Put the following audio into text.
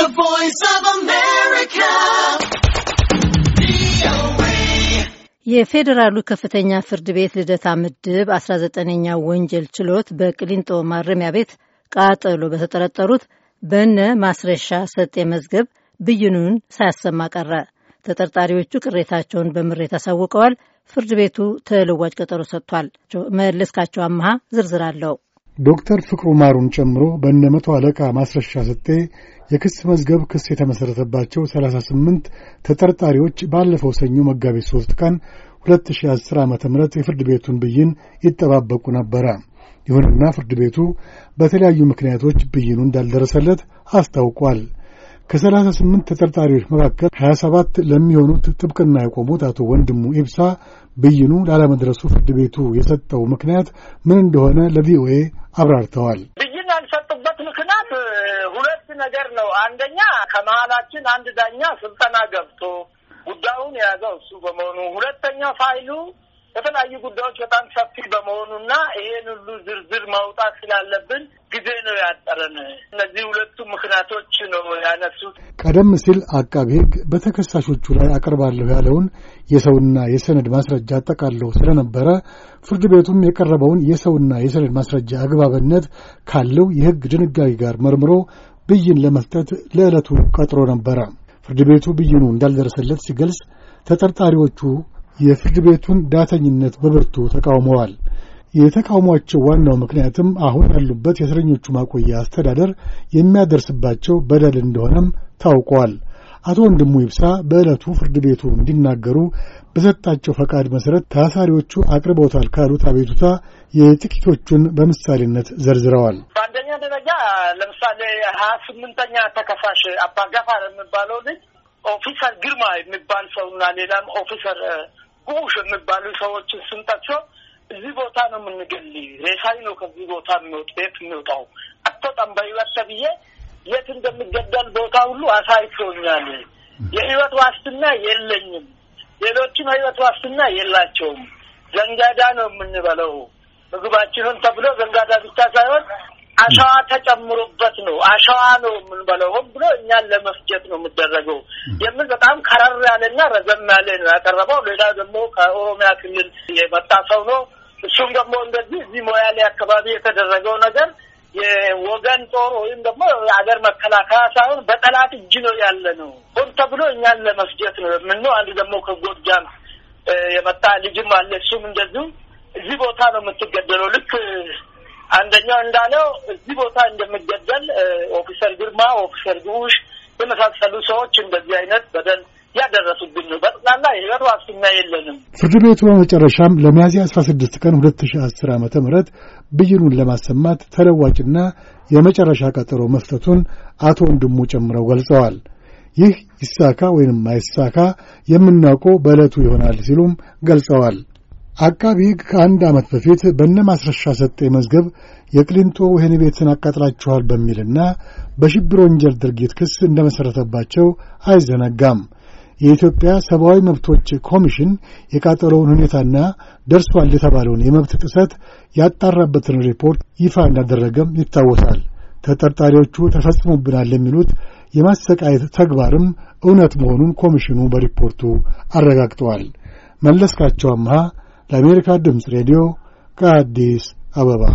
The Voice of America. የፌዴራሉ ከፍተኛ ፍርድ ቤት ልደታ ምድብ 19ኛ ወንጀል ችሎት በቅሊንጦ ማረሚያ ቤት ቃጠሎ በተጠረጠሩት በነ ማስረሻ ሰጤ መዝገብ ብይኑን ሳያሰማ ቀረ። ተጠርጣሪዎቹ ቅሬታቸውን በምሬት አሳውቀዋል። ፍርድ ቤቱ ተለዋጭ ቀጠሮ ሰጥቷል። መለስካቸው አመሃ ዝርዝር አለው። ዶክተር ፍቅሩ ማሩን ጨምሮ በእነ መቶ አለቃ ማስረሻ ሰጤ የክስ መዝገብ ክስ የተመሠረተባቸው 38 ተጠርጣሪዎች ባለፈው ሰኞ መጋቢት ሦስት ቀን 2010 ዓ ም የፍርድ ቤቱን ብይን ይጠባበቁ ነበረ። ይሁንና ፍርድ ቤቱ በተለያዩ ምክንያቶች ብይኑ እንዳልደረሰለት አስታውቋል። ከሰላሳ ስምንት ተጠርጣሪዎች መካከል ሀያ ሰባት ለሚሆኑት ጥብቅና የቆሙት አቶ ወንድሙ ኢብሳ ብይኑ ላለመድረሱ ፍርድ ቤቱ የሰጠው ምክንያት ምን እንደሆነ ለቪኦኤ አብራርተዋል። ብይን ያልሰጡበት ምክንያት ሁለት ነገር ነው። አንደኛ ከመሀላችን አንድ ዳኛ ስልጠና ገብቶ ጉዳዩን የያዘው እሱ በመሆኑ፣ ሁለተኛ ፋይሉ የተለያዩ ጉዳዮች በጣም ሰፊ በመሆኑና ይሄን ሁሉ ዝርዝር ማውጣት ስላለብን ጊዜ ነው ያጠረን። እነዚህ ሁለቱ ምክንያቶች ነው ያነሱት። ቀደም ሲል አቃቢ ሕግ በተከሳሾቹ ላይ አቅርባለሁ ያለውን የሰውና የሰነድ ማስረጃ አጠቃሎ ስለነበረ ፍርድ ቤቱም የቀረበውን የሰውና የሰነድ ማስረጃ አግባብነት ካለው የሕግ ድንጋጌ ጋር መርምሮ ብይን ለመስጠት ለዕለቱ ቀጥሮ ነበረ። ፍርድ ቤቱ ብይኑ እንዳልደረሰለት ሲገልጽ ተጠርጣሪዎቹ የፍርድ ቤቱን ዳተኝነት በብርቱ ተቃውመዋል። የተቃውሟቸው ዋናው ምክንያትም አሁን ያሉበት የእስረኞቹ ማቆያ አስተዳደር የሚያደርስባቸው በደል እንደሆነም ታውቋል። አቶ ወንድሙ ይብሳ በዕለቱ ፍርድ ቤቱ እንዲናገሩ በሰጣቸው ፈቃድ መሠረት ታሳሪዎቹ አቅርበውታል ካሉት አቤቱታ የጥቂቶቹን በምሳሌነት ዘርዝረዋል። በአንደኛ ደረጃ ለምሳሌ ሀያ ስምንተኛ ተከሳሽ አባጋፋር የሚባለው ልጅ ኦፊሰር ግርማ የሚባል ሰውና ሌላም ኦፊሰር ጉሽ የሚባሉ ሰዎችን ስንጠቅሰው እዚህ ቦታ ነው የምንገል፣ ሬሳዊ ነው ከዚህ ቦታ የሚወጡ የት የሚወጣው አቶጣም በህይወት ተብዬ የት እንደሚገደል ቦታ ሁሉ አሳይቶኛል። የህይወት ዋስትና የለኝም፣ ሌሎችም ህይወት ዋስትና የላቸውም። ዘንጋዳ ነው የምንበለው ምግባችንን ተብሎ ዘንጋዳ ብቻ ሳይሆን አሸዋ ተጨምሮበት ነው። አሸዋ ነው የምንበለው። ሆን ብሎ እኛን ለመፍጀት ነው የሚደረገው የምን በጣም ከረር ያለና ረዘም ያለ ነው ያቀረበው። ሌላ ደግሞ ከኦሮሚያ ክልል የመጣ ሰው ነው እሱም ደግሞ እንደዚህ እዚህ ሞያሌ አካባቢ የተደረገው ነገር የወገን ጦር ወይም ደግሞ የሀገር መከላከያ ሳይሆን በጠላት እጅ ነው ያለ ነው። ሆን ተብሎ እኛን ለመስጀት ነው የምንለው። አንድ ደግሞ ከጎጃም የመጣ ልጅም አለ። እሱም እንደዚሁ እዚህ ቦታ ነው የምትገደለው። ልክ አንደኛው እንዳለው እዚህ ቦታ እንደሚገደል ኦፊሰር ግርማ፣ ኦፊሰር ግቡሽ የመሳሰሉ ሰዎች እንደዚህ አይነት በደል ያደረሱብን ነው። በጠቅላላ የህይወት ዋስትና የለንም። ፍርድ ቤቱ በመጨረሻም ለሚያዝያ 16 ቀን 2010 ዓ ም ብይኑን ለማሰማት ተለዋጭና የመጨረሻ ቀጠሮ መስጠቱን አቶ ወንድሙ ጨምረው ገልጸዋል። ይህ ይሳካ ወይንም አይሳካ የምናውቀው በዕለቱ ይሆናል ሲሉም ገልጸዋል። አቃቢ ሕግ ከአንድ ዓመት በፊት በነ ማስረሻ ሰጠ መዝገብ የቅሊንጦ ወህኒ ቤትን አቃጥላችኋል በሚልና በሽብር ወንጀል ድርጊት ክስ እንደመሠረተባቸው አይዘነጋም። የኢትዮጵያ ሰብአዊ መብቶች ኮሚሽን የቃጠሎውን ሁኔታና ደርሷል የተባለውን የመብት ጥሰት ያጣራበትን ሪፖርት ይፋ እንዳደረገም ይታወሳል። ተጠርጣሪዎቹ ተፈጽሞብናል የሚሉት የማሰቃየት ተግባርም እውነት መሆኑን ኮሚሽኑ በሪፖርቱ አረጋግጠዋል። መለስካቸው አምሃ ለአሜሪካ ድምፅ ሬዲዮ ከአዲስ አበባ